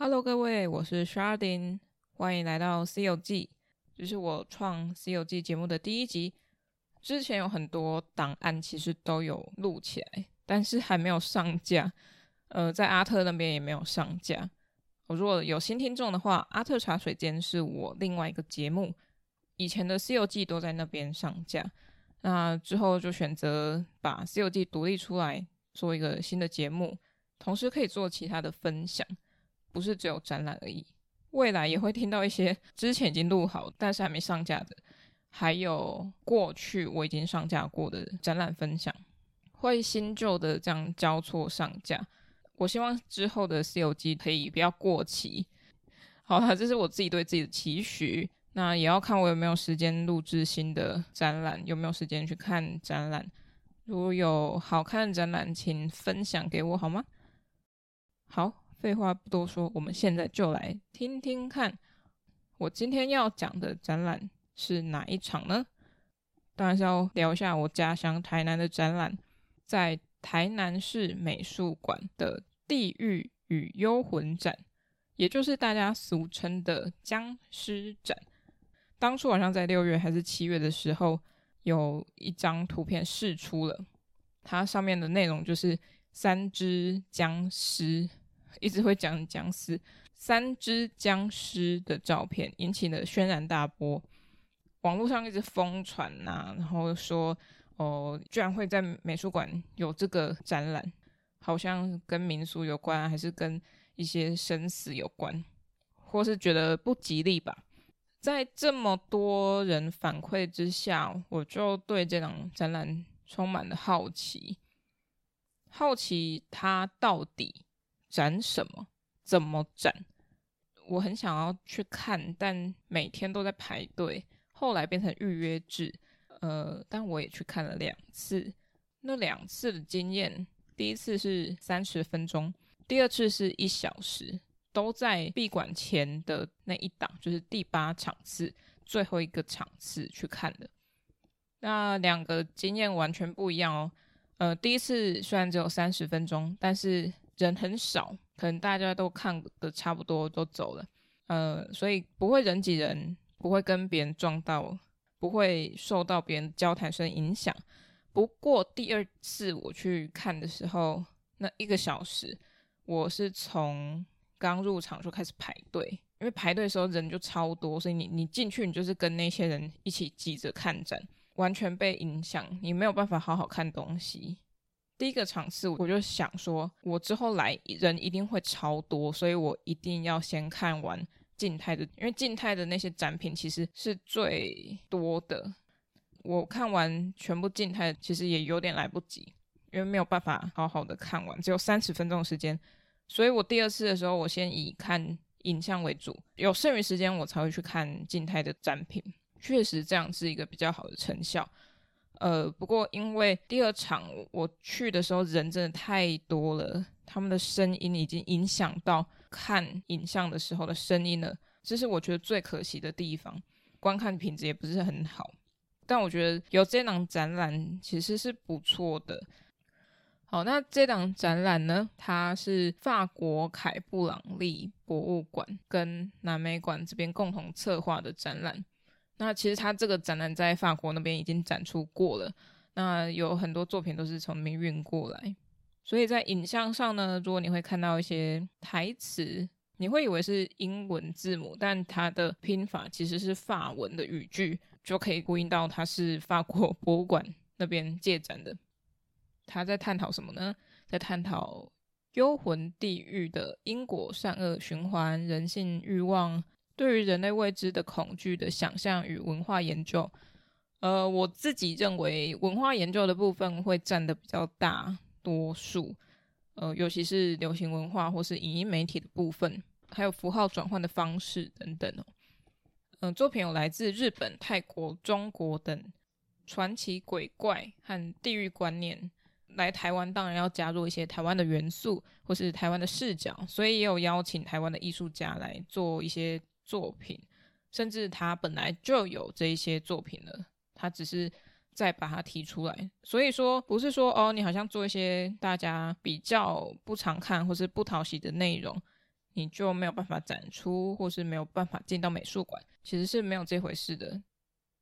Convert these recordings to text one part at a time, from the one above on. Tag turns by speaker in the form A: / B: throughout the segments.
A: Hello，各位，我是 Chardin，歡迎來到《C 遊記》。這是我創《C 遊記》節目的第一集。之前有很多檔案其實都有錄起來，但是還沒有上架。呃，在阿特那邊也沒有上架。我如果有新聽眾的話，《阿特茶水間》是我另外一個節目，以前的《C 遊記》都在那邊上架。那之後就選擇把《C 遊記》獨立出來做一個新的節目，同時可以做其他的分享。不是只有展覽而已，未來也會聽到一些之前已經錄好但是還沒上架的，還有過去我已經上架過的展覽分享，會新舊的這樣交錯上架。我希望之後的《C 遊記》可以不要過期。好了，這是我自己對自己的期許，那也要看我有沒有時間錄制新的展覽，有沒有時間去看展覽。如果有好看的展覽，請分享給我好嗎？好。廢話不多說，我們現在就來聽聽看，我今天要講的展覽是哪一場呢？當然是要聊一下我家鄉台南的展覽，在台南市美術館的《地獄與幽魂展》，也就是大家俗稱的“僵屍展”。當初晚上在六月還是七月的時候，有一張圖片釋出了，它上面的內容就是三隻僵屍。一直會講僵屍，三只僵屍的照片引起了軒然大波，網絡上一直瘋傳吶、啊，然後說哦，居然會在美術館有這個展覽，好像跟民俗有關、啊，還是跟一些生死有關，或是覺得不吉利吧。在這麼多人反饋之下，我就對這場展覽充滿了好奇，好奇它到底。展什麼？怎麼展？我很想要去看，但每天都在排隊。後來變成預約制，呃，但我也去看了兩次。那兩次的經驗，第一次是三十分鐘，第二次是一小時，都在閉館前的那一檔，就是第八場次，最後一個場次去看的。那兩個經驗完全不一樣哦。呃，第一次雖然只有三十分鐘，但是。人很少，可能大家都看的差不多都走了，呃，所以不會人擠人，不會跟別人撞到，不會受到別人交談聲影響。不過第二次我去看的時候，那一個小時我是從剛入場就開始排隊，因為排隊的時候人就超多，所以你你進去你就是跟那些人一起擠着看展，完全被影響，你沒有辦法好好看東西。第一個場次，我就想說，我之後，來人一定會超多，所以我一定要先看完靜態的，因為靜態的那些展品其實是最多的。我看完全部靜態其實也有點來不及，因為沒有辦法好好的看完，只有三十分鐘的時間。所以我第二次的時候，我先以看影像為主，有剩餘時間我才會去看靜態的展品。確實，這樣是一個比較好的成效。呃，不過因為第二場我去的時候人真的太多了，他們的聲音已經影響到看影像的時候的聲音了，這是我覺得最可惜的地方。觀看品質也不是很好，但我覺得有這檔展覽其實是不錯的。好，那這檔展覽呢，它是法國凱布朗利博物館跟南美館這邊共同策劃的展覽。那其實他這個展覽在法國那邊已經展出過了，那有很多作品都是從那邊運過來，所以在影像上呢，如果你會看到一些台詞，你會以為是英文字母，但它的拼法其實是法文的語句，就可以呼應到它是法國博物館那邊借展的。他在探討什麼呢？在探討幽魂地獄的因果、善惡循環、人性欲望。對於人類未知的恐懼的想象與文化研究，呃，我自己認為文化研究的部分會佔得比較大多數，呃，尤其是流行文化或是影音媒體的部分，還有符號轉換的方式等等哦、呃。作品有來自日本、泰國、中國等傳奇鬼怪和地獄觀念，來台灣當然要加入一些台灣的元素或是台灣的視角，所以也有邀請台灣的藝術家來做一些，作品，甚至他本來就有這一些作品了，他只是再把它提出來。所以說，不是說哦，你好像做一些大家比較不常看或是不討喜的內容，你就沒有辦法展出或是沒有辦法進到美術館，其實是沒有這回事的。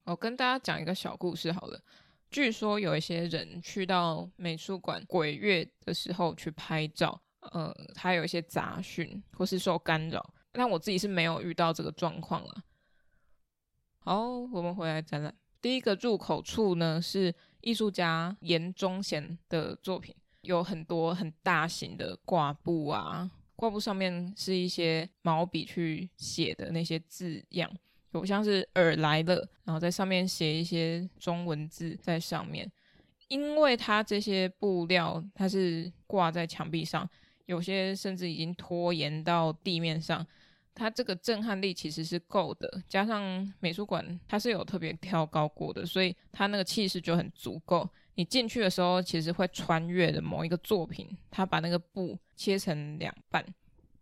A: 我跟大家講一個小故事好了。據說有一些人去到美術館鬼月的時候去拍照，呃，他有一些雜訊或是受干擾。那我自己是沒有遇到這個狀況了。好，我們回來展覽。第一個入口處呢，是藝術家顏忠賢的作品，有很多很大型的掛布啊，掛布上面是一些毛筆去寫的那些字樣，有像是爾來了，然後在上面寫一些中文字在上面。因為它這些布料它是掛在牆壁上，有些甚至已經拖延到地面上。它這個震撼力其實是夠的，加上美術館它是有特別挑高過的，所以它那個氣勢就很足夠。你進去的時候，其實會穿越的某一個作品，它把那個布切成兩半，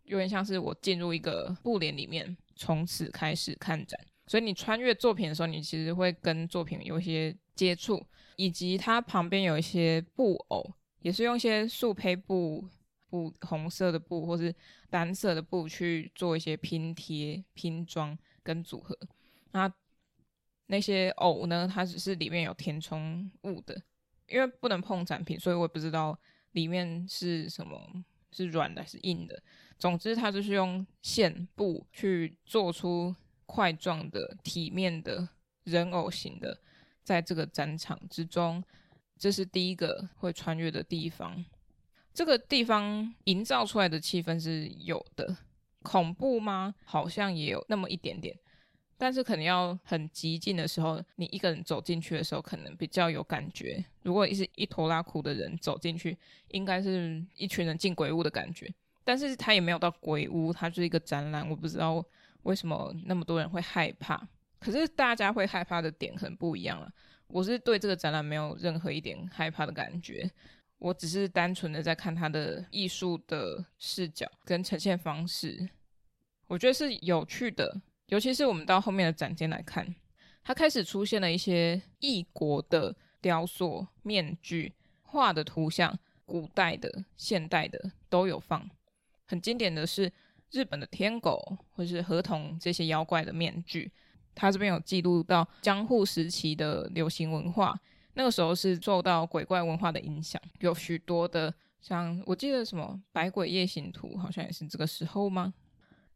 A: 有點像是我進入一個布簾裡面，從此開始看展。所以你穿越作品的時候，你其實會跟作品有一些接觸，以及它旁邊有一些布偶，也是用一些素胚布。布紅色的布，或是單色的布去做一些拼貼、拼裝跟組合。那那些偶呢？它只是裡面有填充物的，因為不能碰展品，所以我也不知道裡面是什麼，是軟的還是硬的。總之，它就是用線布去做出塊狀的、體面的人偶型的，在這個展場之中，這是第一個會穿越的地方。這個地方營造出來的氣氛是有的，恐怖嗎？好像也有那麼一點點，但是可能要很寂靜的時候，你一個人走進去的時候，可能比較有感覺。如果是一拖拉庫的人走進去，應該是一群人進鬼屋的感覺。但是他也沒有到鬼屋，它就是一個展覽。我不知道為什麼那麼多人會害怕，可是大家會害怕的點很不一樣了。我是對這個展覽沒有任何一點害怕的感覺。我只是單純的在看他的藝術的視角跟呈現方式，我覺得是有趣的。尤其是我們到後面的展廳來看，它開始出現了一些異國的雕塑、面具、畫的圖像，古代的、現代的都有放。很經典的是日本的天狗或是河童這些妖怪的面具，它這邊有記錄到江戶時期的流行文化。那個時候是受到鬼怪文化的影響，有許多的像我記得什麼《百鬼夜行圖》，好像也是這個時候嗎？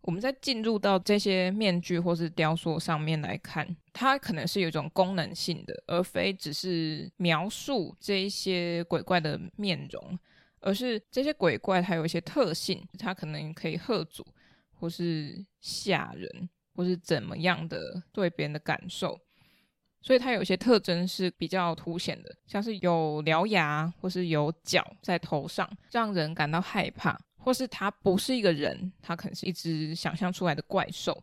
A: 我們在進入到這些面具或是雕塑上面來看，它可能是有一種功能性的，而非只是描述這一些鬼怪的面容，而是這些鬼怪它有一些特性，它可能可以嚇阻或是嚇人，或是怎麼樣的對別人的感受。所以它有些特徵是比較凸顯的，像是有獠牙或是有角在頭上，讓人感到害怕，或是它不是一個人，它可能是一隻想象出來的怪獸。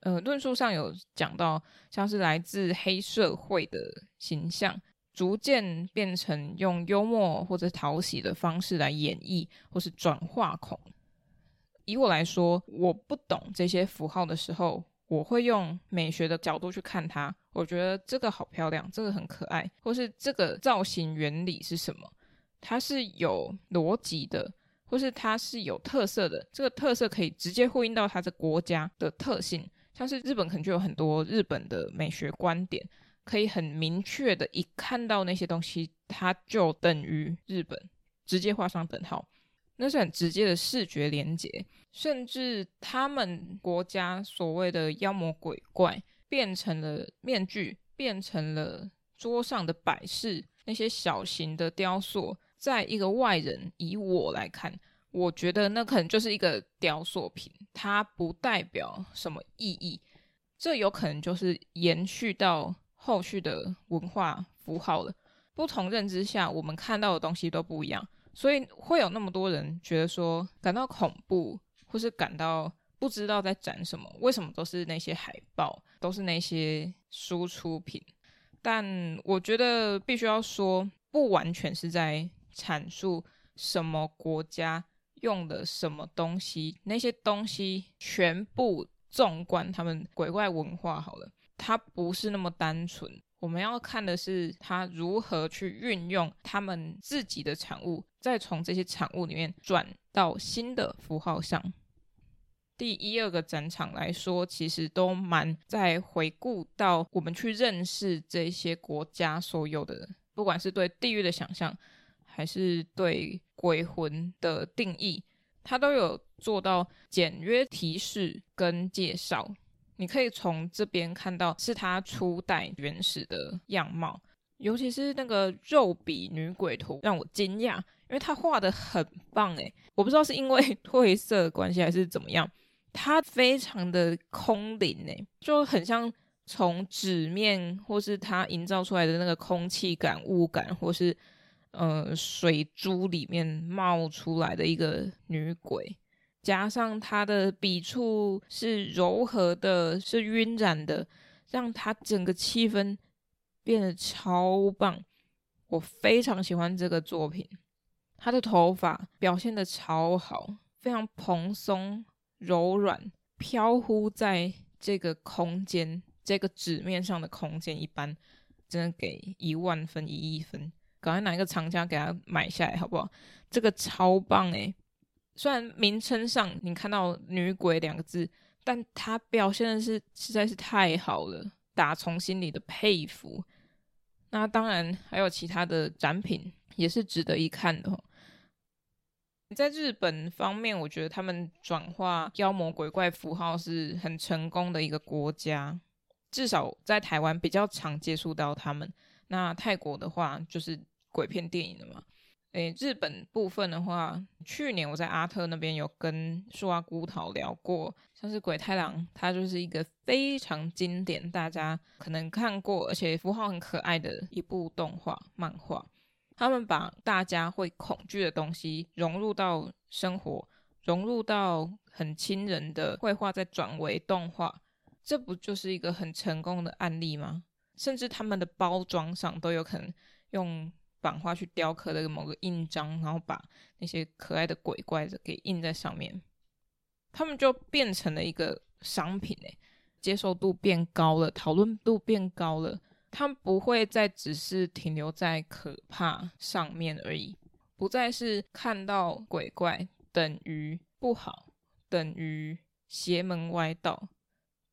A: 呃，論述上有講到，像是來自黑社會的形象，逐漸變成用幽默或者討喜的方式來演繹，或是轉化恐。以我來說，我不懂這些符號的時候。我會用美學的角度去看它，我覺得這個好漂亮，這個很可愛，或是這個造型原理是什麼？它是有邏輯的，或是它是有特色的，這個特色可以直接呼應到它的國家的特性，像是日本可能就有很多日本的美學觀點，可以很明確的一看到那些東西，它就等於日本，直接畫上等號。那是很直接的視覺連接，甚至他們國家所謂的妖魔鬼怪變成了面具，變成了桌上的擺飾，那些小型的雕塑，在一個外人以我來看，我覺得那可能就是一個雕塑品，它不代表什麼意義。這有可能就是延續到後續的文化符號了。不同認知下，我們看到的東西都不一樣。所以會有那麼多人覺得說感到恐怖，或是感到不知道在展什麼？為什麼都是那些海報，都是那些輸出品？但我覺得必須要說，不完全是在闡述什麼國家用的什麼東西，那些東西全部縱觀他們鬼怪文化好了，它不是那麼單純。我們要看的是他如何去運用他們自己的產物。再從這些產物裡面轉到新的符號上，第一、二個展場來說，其實都蠻在回顧到我們去認識這些國家所有的，不管是對地獄的想象，還是對鬼魂的定義，它都有做到簡約提示跟介紹。你可以從這邊看到，是它初代原始的樣貌，尤其是那個肉筆女鬼圖，讓我驚訝。因為他畫的很棒誒，我不知道是因為褪色的關係還是怎麼樣，他非常的空靈哎，就很像從紙面或是它營造出來的那個空氣感、霧感，或是，呃，水珠裡面冒出來的一個女鬼，加上它的筆觸是柔和的、是暈染的，讓它整個氣氛變得超棒。我非常喜歡這個作品。他的頭髮表現的超好，非常蓬鬆柔軟，飄忽在這個空間、這個紙面上的空間一般，真的給一萬分、一億分，趕快拿一個藏家給他買下來，好不好？這個超棒哎、欸！雖然名稱上你看到“女鬼”兩個字，但它表現的是實在是太好了，打從心裡的佩服。那當然還有其他的展品也是值得一看的哦。在日本方面，我覺得他們轉化妖魔鬼怪符號是很成功的一個國家，至少在台灣比較常接觸到他們。那泰國的話就是鬼片電影了嘛。誒，日本部分的話，去年我在阿特那邊有跟樹阿姑桃聊過，像是鬼太郎，它就是一個非常經典，大家可能看過，而且符號很可愛的一部動畫漫畫。他們把大家會恐懼的東西融入到生活，融入到很親人的繪畫，再轉為動畫，這不就是一個很成功的案例嗎？甚至他們的包裝上都有可能用版畫去雕刻的某個印章，然後把那些可愛的鬼怪子給印在上面，他們就變成了一個商品嘞，接受度變高了，討論度變高了。他們不會再只是停留在可怕上面而已，不再是看到鬼怪等於不好，等於邪門歪道，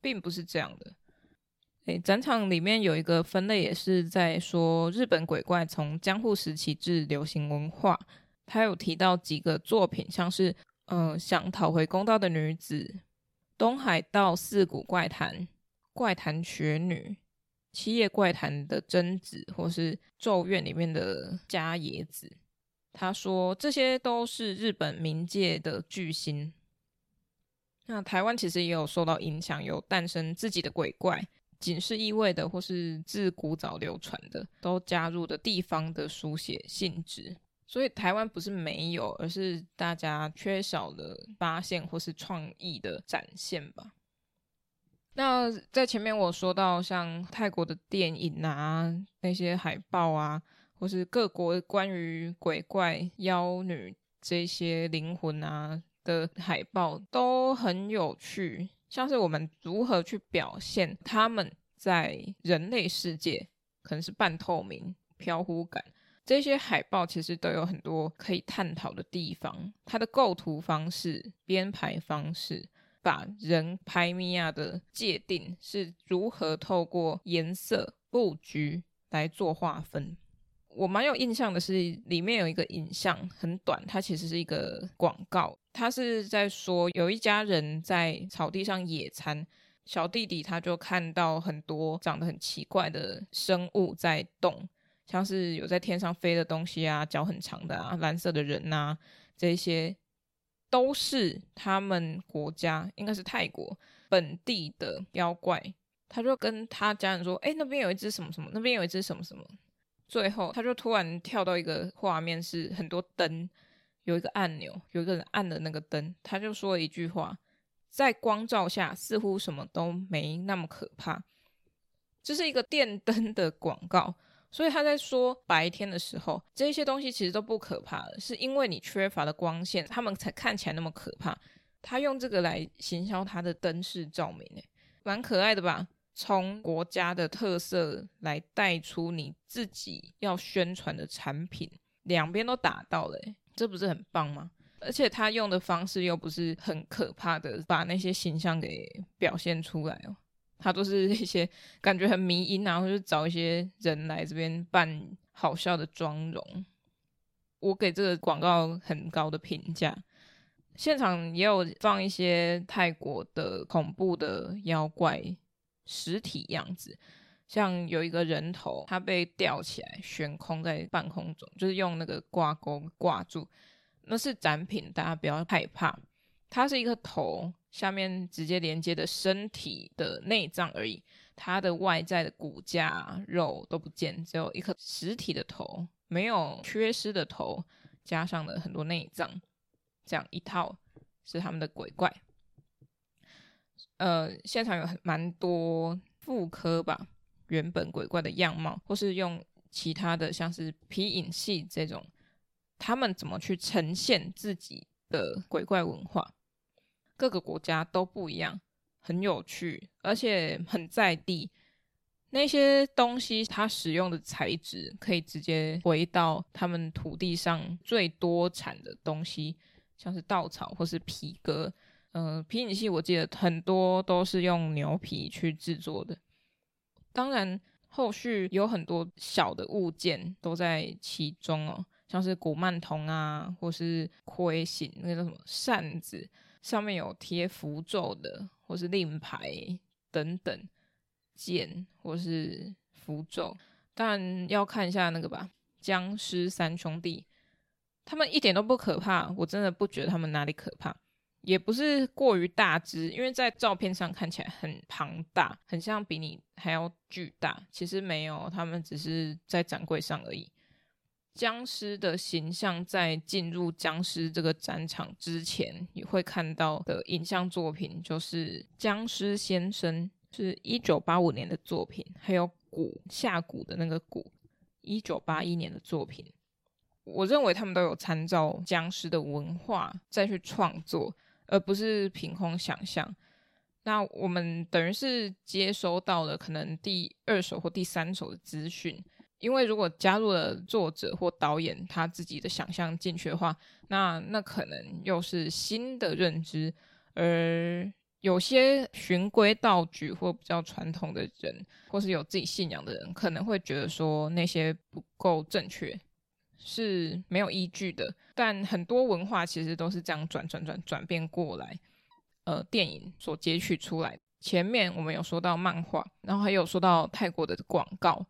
A: 並不是這樣的。誒，展場裡面有一個分類也是在說日本鬼怪從江戶時期至流行文化，他有提到幾個作品，像是嗯、呃，想討回公道的女子，東海道四谷怪談，怪談雪女，《七夜怪談》的貞子，或是《咒怨》裡面的伽椰子，他說這些都是日本冥界的巨星。那台灣其實也有受到影響，有誕生自己的鬼怪，僅是意味的或是自古早流傳的，都加入的地方的書寫性質。所以台灣不是沒有，而是大家缺少了發現或是創意的展現吧。那在前面我說到，像泰國的電影啊，那些海報啊，或是各國關於鬼怪、妖女這些靈魂啊的海報，都很有趣。像是我們如何去表現他們在人類世界，可能是半透明、飄忽感，這些海報其實都有很多可以探討的地方。它的構圖方式、編排方式。把人拍米亞的界定是如何透過顏色布局來做劃分？我蠻有印象的是，裡面有一個影像很短，它其實是一個廣告，它是在說有一家人在草地上野餐，小弟弟他就看到很多長得很奇怪的生物在動，像是有在天上飛的東西啊，腳很長的啊，藍色的人吶、啊，這一些。都是他們國家，應該是泰國本地的妖怪。他就跟他家人說：“哎，那邊有一隻什麼什麼，那邊有一隻什麼什麼。”最後，他就突然跳到一個畫面，是很多燈，有一個按鈕，有一個人按了那個燈。他就說了一句話：“在光照下，似乎什麼都沒那麼可怕。”這是一個電燈的廣告。所以他在說白天的時候，這些東西其實都不可怕的，是因為你缺乏了光線，他們才看起來那麼可怕。他用這個來行銷他的燈飾照明，蠻可愛的吧？從國家的特色來帶出你自己要宣傳的產品，兩邊都打到了，這不是很棒嗎？而且他用的方式又不是很可怕的，把那些形象給表現出來哦。它都是一些感覺很迷因啊，然後就找一些人來這邊扮好笑的妝容。我給這個廣告很高的評價。現場也有放一些泰國的恐怖的妖怪實體樣子，像有一個人頭，它被吊起來懸空在半空中，就是用那個掛鈎掛住。那是展品，大家不要害怕。它是一個頭，下面直接連接的身體的內臟而已，它的外在的骨架肉都不見，只有一顆實體的頭，沒有缺失的頭，加上了很多內臟，這樣一套是他們的鬼怪。呃，現場有很蠻多復刻吧，原本鬼怪的樣貌，或是用其他的，像是皮影戲這種，他們怎麼去呈現自己的鬼怪文化？.各個國家都不一樣，很有趣，而且很在地。那些東西它使用的材質可以直接回到他們土地上最多產的東西，像是稻草或是皮革。嗯、呃，皮影戲我記得很多都是用牛皮去製作的。當然，後續有很多小的物件都在其中哦。像是古曼童啊，或是虧形那個什麼扇子，上面有貼符咒的，或是令牌等等，劍或是符咒，但要看一下那個吧。僵屍三兄弟，他們一點都不可怕，我真的不覺得他們哪裡可怕，也不是過於大隻，因為在照片上看起來很龐大，很像比你還要巨大，其實沒有，他們只是在展櫃上而已。僵屍的形象，在進入僵屍這個展場之前，你會看到的影像作品就是《僵屍先生》，是1985年的作品；還有《蠱》，下蠱的那個蠱，1981年的作品。我認為他們都有參照僵屍的文化再去創作，而不是憑空想象。那我們等於是接收到了可能第二手或第三手的資訊。因為如果加入了作者或導演他自己的想象進去的話，那那可能又是新的認知，而有些循規蹈矩或比較傳統的人，或是有自己信仰的人，可能會覺得說那些不夠正確，是沒有依據的。但很多文化其實都是這樣轉轉轉轉變過來，呃，電影所截取出來。前面我們有說到漫畫，然後還有說到泰國的廣告。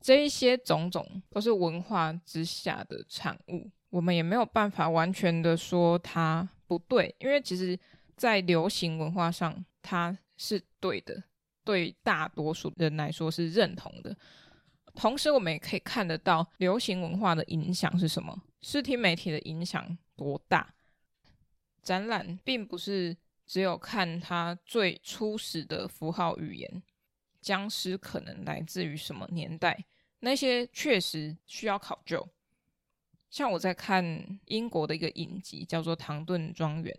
A: 這一些種種都是文化之下的產物，我們也沒有辦法完全的說它不對，因為其實，在流行文化上，它是對的，對大多數人來說是認同的。同時，我們也可以看得到流行文化的影響是什麼，視聽媒體的影響多大，展覽並不是只有看它最初始的符號語言。僵屍可能來自於什麼年代？那些確實需要考究。像我在看英國的一個影集，叫做《唐頓莊園》，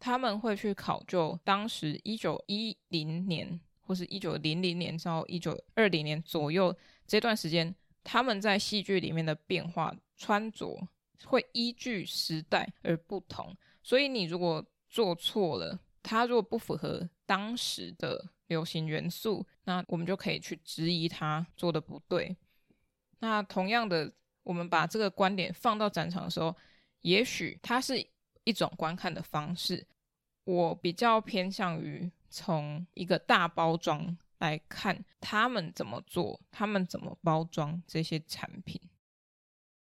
A: 他們會去考究當時一九一零年或是一九零零年到一九二零年左右這段時間，他們在戲劇裡面的變化、穿着會依據時代而不同。所以你如果做錯了，它如果不符合當時的流行元素，那我們就可以去質疑它做的不對。那同樣的，我們把這個觀點放到展場的時候，也許它是一種觀看的方式。我比較偏向於從一個大包裝來看他們怎麼做，他們怎麼包裝這些產品。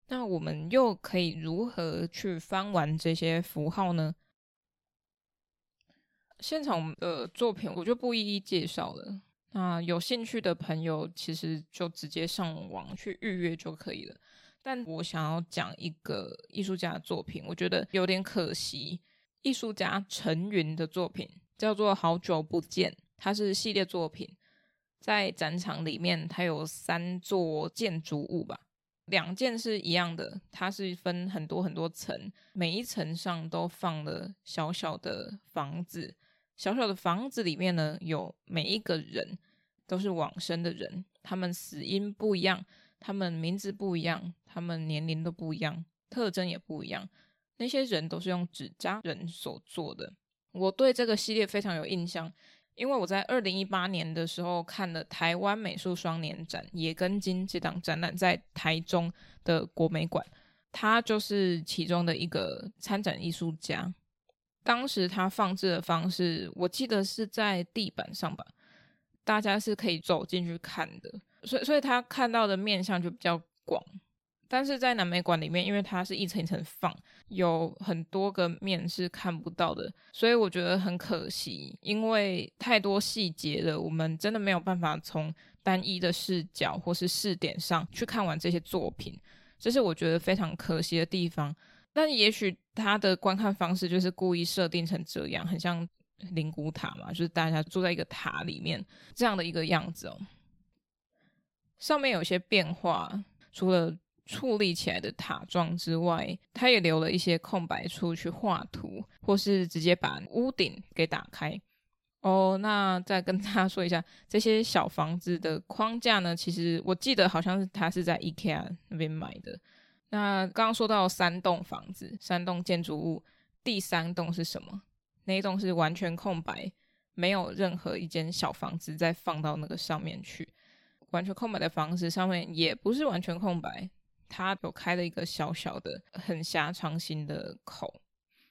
A: 那我們又可以如何去翻玩這些符號呢？現場的作品我就不一一介紹了。那有興趣的朋友其實就直接上網去預約就可以了。但我想要講一個藝術家的作品，我覺得有點可惜。藝術家陳雲的作品叫做好久不見，它是系列作品，在展場裡面它有三座建築物吧，兩件是一樣的，它是分很多很多層，每一層上都放了小小的房子。小小的房子裡面呢，有每一個人都是往生的人，他們死因不一樣，他們名字不一樣，他們年齡都不一樣，特徵也不一樣。那些人都是用紙扎人所做的。我對這個系列非常有印象，因為我在二零一八年的時候看了台灣美術雙年展，也跟今這檔展覽在台中的國美館，他就是其中的一個參展藝術家。當時他放置的方式，我記得是在地板上吧，大家是可以走進去看的，所以所以他看到的面向就比較廣。但是在南美館裡面，因為它是一層一層放，有很多個面是看不到的，所以我覺得很可惜，因為太多細節了，我們真的沒有辦法從單一的視角或是視點上去看完這些作品，這是我覺得非常可惜的地方。但也許他的觀看方式就是故意設定成這樣，很像靈骨塔嘛，就是大家住在一個塔裡面這樣的一個樣子哦。上面有些變化，除了矗立起來的塔狀之外，他也留了一些空白處去畫圖，或是直接把屋頂給打開。哦，那再跟大家說一下，這些小房子的框架呢，其實我記得好像是他是在 IKEA 那邊買的。那剛剛說到三棟房子、三棟建築物，第三棟是什麼？那一棟是完全空白，沒有任何一間小房子再放到那個上面去。完全空白的房子上面也不是完全空白，它有開了一個小小的、很狹長形的口。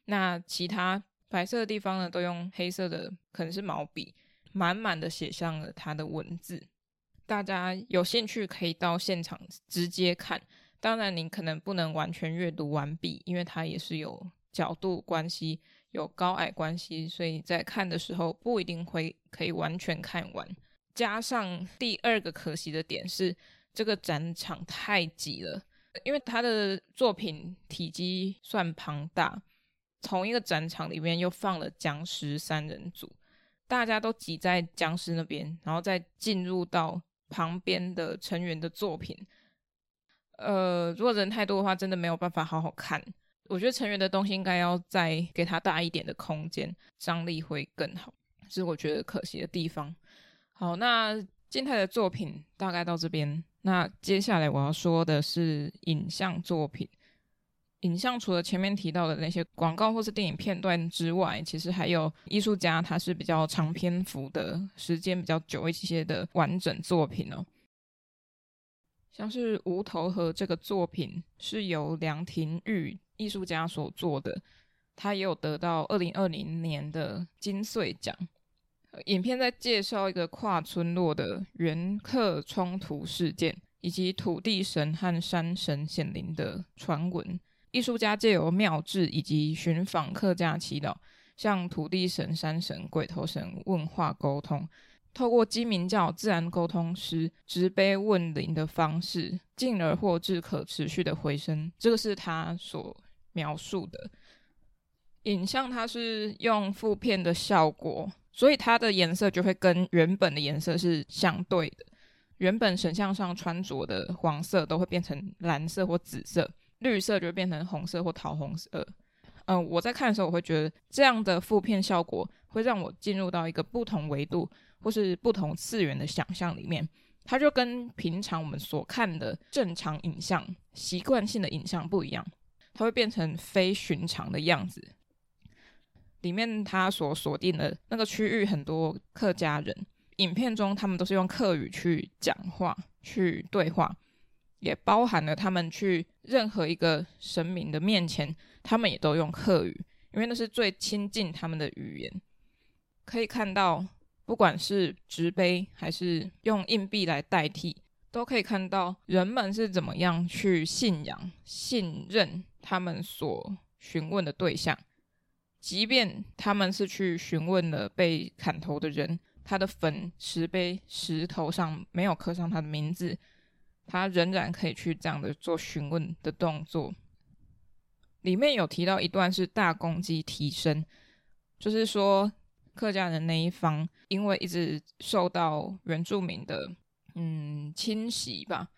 A: 那其他白色的地方呢，都用黑色的，可能是毛筆，滿滿的寫上了它的文字。大家有興趣可以到現場直接看。當然，你可能不能完全閱讀完畢，因為它也是有角度關係、有高矮關係，所以在看的時候不一定會可以完全看完。加上第二個可惜的點是，這個展場太擠了，因為他的作品體積算龐大，同一個展場裡面又放了僵屍三人組，大家都擠在僵屍那邊，然後再進入到旁邊的成員的作品。呃，如果人太多的話，真的沒有辦法好好看。我覺得成員的東西應該要再給他大一點的空間，張力會更好。這是我覺得可惜的地方。好，那靜態的作品大概到這邊。那接下來我要說的是影像作品。影像除了前面提到的那些廣告或是電影片段之外，其實還有藝術家他是比較長篇幅的時間比較久一些的完整作品哦。像是《無頭河》這個作品是由梁廷玉藝術家所做的，他也有得到二零二零年的金穗獎。影片在介紹一個跨村落的原客衝突事件，以及土地神和山神顯靈的傳聞。藝術家借由廟志以及尋訪客家祈禱，向土地神、山神、鬼頭神問話溝通，透過基名教、自然溝通師植碑問靈的方式，進而獲致可持續的回聲。這個是他所描述的影像，它是用負片的效果，所以它的顏色就會跟原本的顏色是相對的。原本神像上穿着的黃色都會變成藍色或紫色，綠色就會變成紅色或桃紅色。嗯、呃，我在看的時候，我會覺得這樣的負片效果會讓我進入到一個不同維度或是不同次元的想象裡面，它就跟平常我們所看的正常影像、習慣性的影像不一樣，它會變成非尋常的樣子。裡面它所鎖定的那個區域很多客家人，影片中他們都是用客語去講話、去對話，也包含了他們去任何一個神明的面前，他們也都用客語，因為那是最親近他們的語言。可以看到。不管是筊杯還是用硬幣來代替，都可以看到人們是怎麼樣去信仰、信任他們所詢問的對象，即便他們是去詢問了被砍頭的人，他的墳石碑石頭上沒有刻上他的名字，他仍然可以去這樣的做詢問的動作。裡面有提到一段是大公雞啼聲，就是說。客家人那一方，因為一直受到原住民的嗯侵襲吧，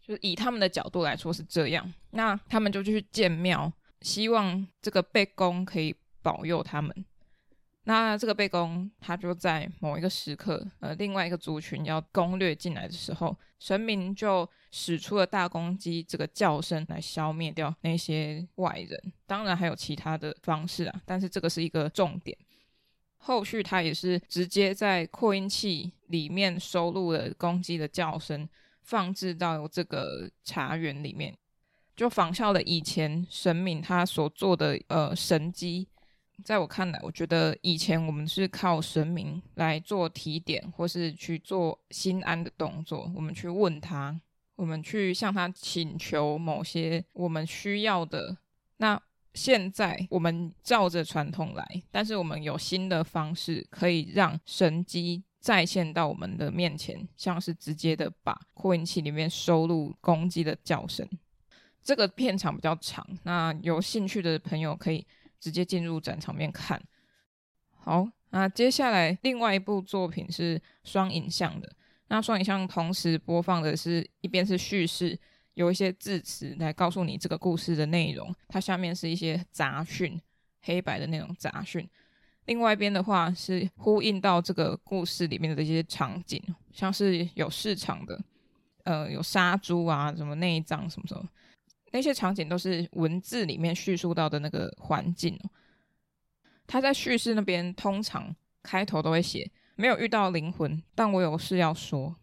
A: 就以他們的角度來說是這樣。那他們就去建廟，希望這個伯公可以保佑他們。那這個伯公，他就在某一個時刻，呃，另外一個族群要攻略進來的時候，神明就使出了大公雞這個叫聲來消滅掉那些外人。當然還有其他的方式啊，但是這個是一個重點。後續他也是直接在擴音器裡面收錄了公雞的叫聲，放置到這個茶園裡面，就仿效了以前神明他所做的呃神機。在我看來，我覺得以前我們是靠神明來做提點，或是去做心安的動作，我們去問他，我們去向他請求某些我們需要的那。現在我們照着傳統來，但是我們有新的方式可以讓神機再現到我們的面前，像是直接的把擴音器裡面收錄公雞的叫聲。這個片長比較長，那有興趣的朋友可以直接進入展場面看。好，那接下來另外一部作品是雙影像的，那雙影像同時播放的是一邊是敘事。有一些字詞來告訴你這個故事的內容，它下面是一些雜訊，黑白的那種雜訊。另外一邊的話是呼應到這個故事裡面的這些場景，像是有市場的，呃，有殺豬啊，什麼內臟什麼什麼，那些場景都是文字裡面敘述到的那個環境。他在敘事那邊通常開頭都會寫，沒有遇到靈魂，但我有事要說。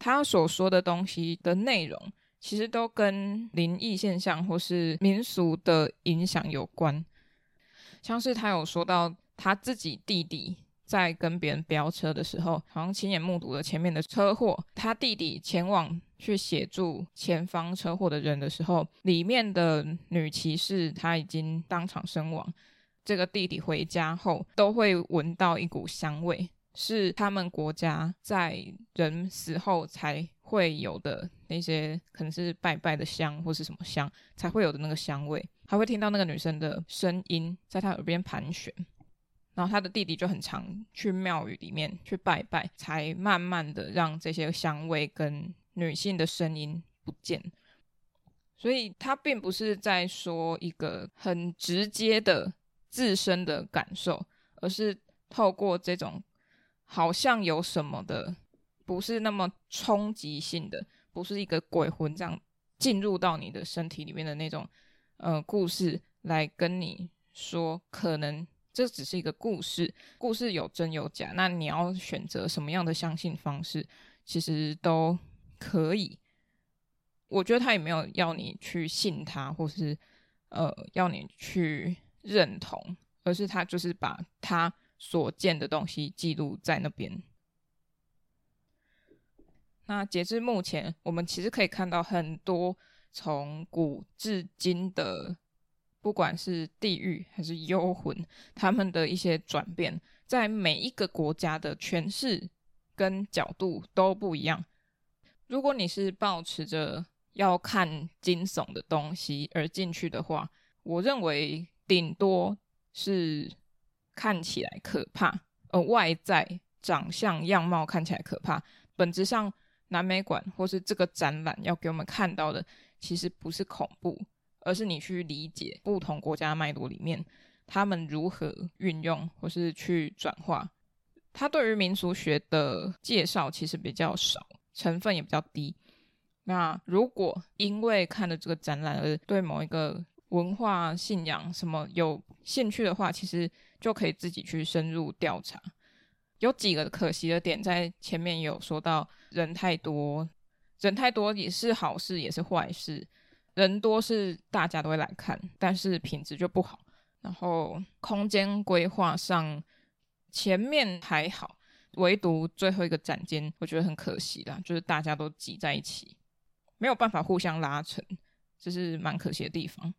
A: 他所說的東西的內容其實都跟靈異現象或是民俗的影響有關，像是他有說到他自己弟弟在跟別人飆車的時候，好像親眼目睹了前面的車禍。他弟弟前往去協助前方車禍的人的時候，裡面的女騎士她已經當場身亡。這個弟弟回家後都會聞到一股香味，是他們國家在人死後才。會有的那些可能是拜拜的香或是什麼香才會有的那個香味，還會聽到那個女生的聲音在他耳邊盤旋，然後他的弟弟就很常去廟宇裡面去拜拜，才慢慢的讓這些香味跟女性的聲音不見。所以他並不是在說一個很直接的自身的感受，而是透過這種好像有什麼的。不是那麼衝擊性的，不是一個鬼魂這樣進入到你的身體裡面的那種，呃，故事來跟你說，可能這只是一個故事，故事有真有假，那你要選擇什麼樣的相信方式，其實都可以。我覺得他也沒有要你去信他，或是呃要你去認同，而是他就是把他所見的東西記錄在那邊。那截至目前，我們其實可以看到很多從古至今的，不管是地獄還是幽魂，他們的一些轉變，在每一個國家的詮釋跟角度都不一樣。如果你是抱持著要看驚悚的東西而進去的話，我認為頂多是看起來可怕，而外在長相樣貌看起來可怕，本質上。南美館或是這個展覽要給我們看到的，其實不是恐怖，而是你去理解不同國家的脈絡裡面他們如何運用或是去轉化。它對於民俗學的介紹其實比較少，成分也比較低。那如果因為看了這個展覽而對某一個文化信仰什麼有興趣的話，其實就可以自己去深入調查。有幾個可惜的點在前面有說到，人太多，人太多也是好事也是壞事，人多是大家都會來看，但是品質就不好。然後空間規劃上前面還好，唯獨最後一個展間我覺得很可惜啦，就是大家都擠在一起，沒有辦法互相拉扯，這是蠻可惜的地方。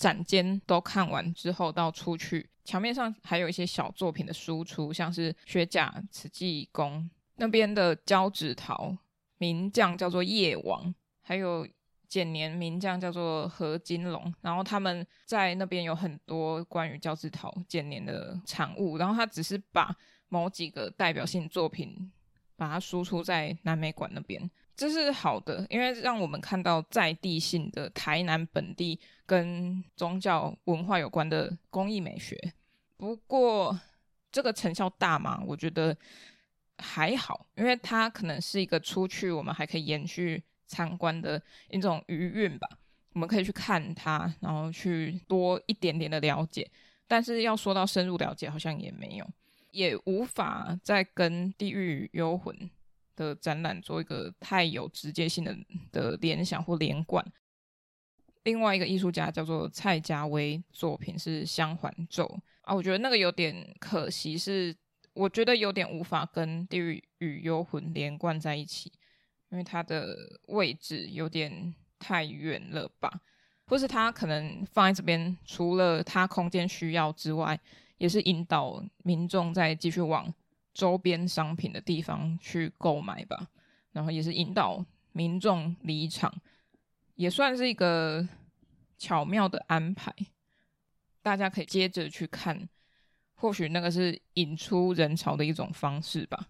A: 展間都看完之後，到出去牆面上還有一些小作品的輸出，像是學甲慈濟宮那邊的交趾陶名匠叫做葉王，還有剪黏名匠叫做何金龍，然後他們在那邊有很多關於交趾陶剪黏的產物，然後他只是把某幾個代表性作品把它輸出在南美館那邊。這是好的，因為讓我們看到在地性的台南本地跟宗教文化有關的工藝美學。不過，這個成效大嗎？我覺得還好，因為它可能是一個出去我們還可以延續參觀的一種餘韻吧。我們可以去看它，然後去多一點點的了解。但是要說到深入了解，好像也沒有，也無法再跟《地獄幽魂》。的展覽做一個太有直接性的的聯想或連貫。另外一個藝術家叫做蔡家威，作品是《相環咒》啊，我覺得那個有點可惜，是我覺得有點無法跟《地獄與幽魂》連貫在一起，因為它的位置有點太遠了吧，或是他可能放在這邊，除了他空間需要之外，也是引導民眾再繼續往周邊商品的地方去購買吧，然後也是引導民眾離場，也算是一個巧妙的安排。大家可以接着去看，或許那個是引出人潮的一種方式吧。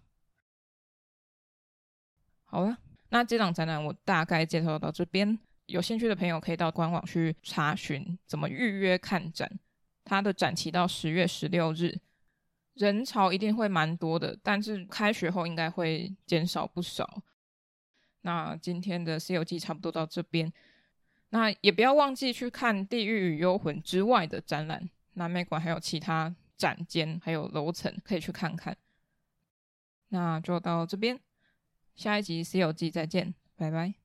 A: 好了，那這檔展覽我大概介紹到這邊，有興趣的朋友可以到官網去查詢，怎麼預約看展。它的展期到十月十六日。人潮一定會蠻多的，但是開學後應該會減少不少。那今天的《C 遊記》差不多到這邊，那也不要忘記去看《地獄與幽魂》之外的展覽，南美館還有其他展間還有樓層可以去看看。那就到這邊，下一集《C 遊記》再見，拜拜。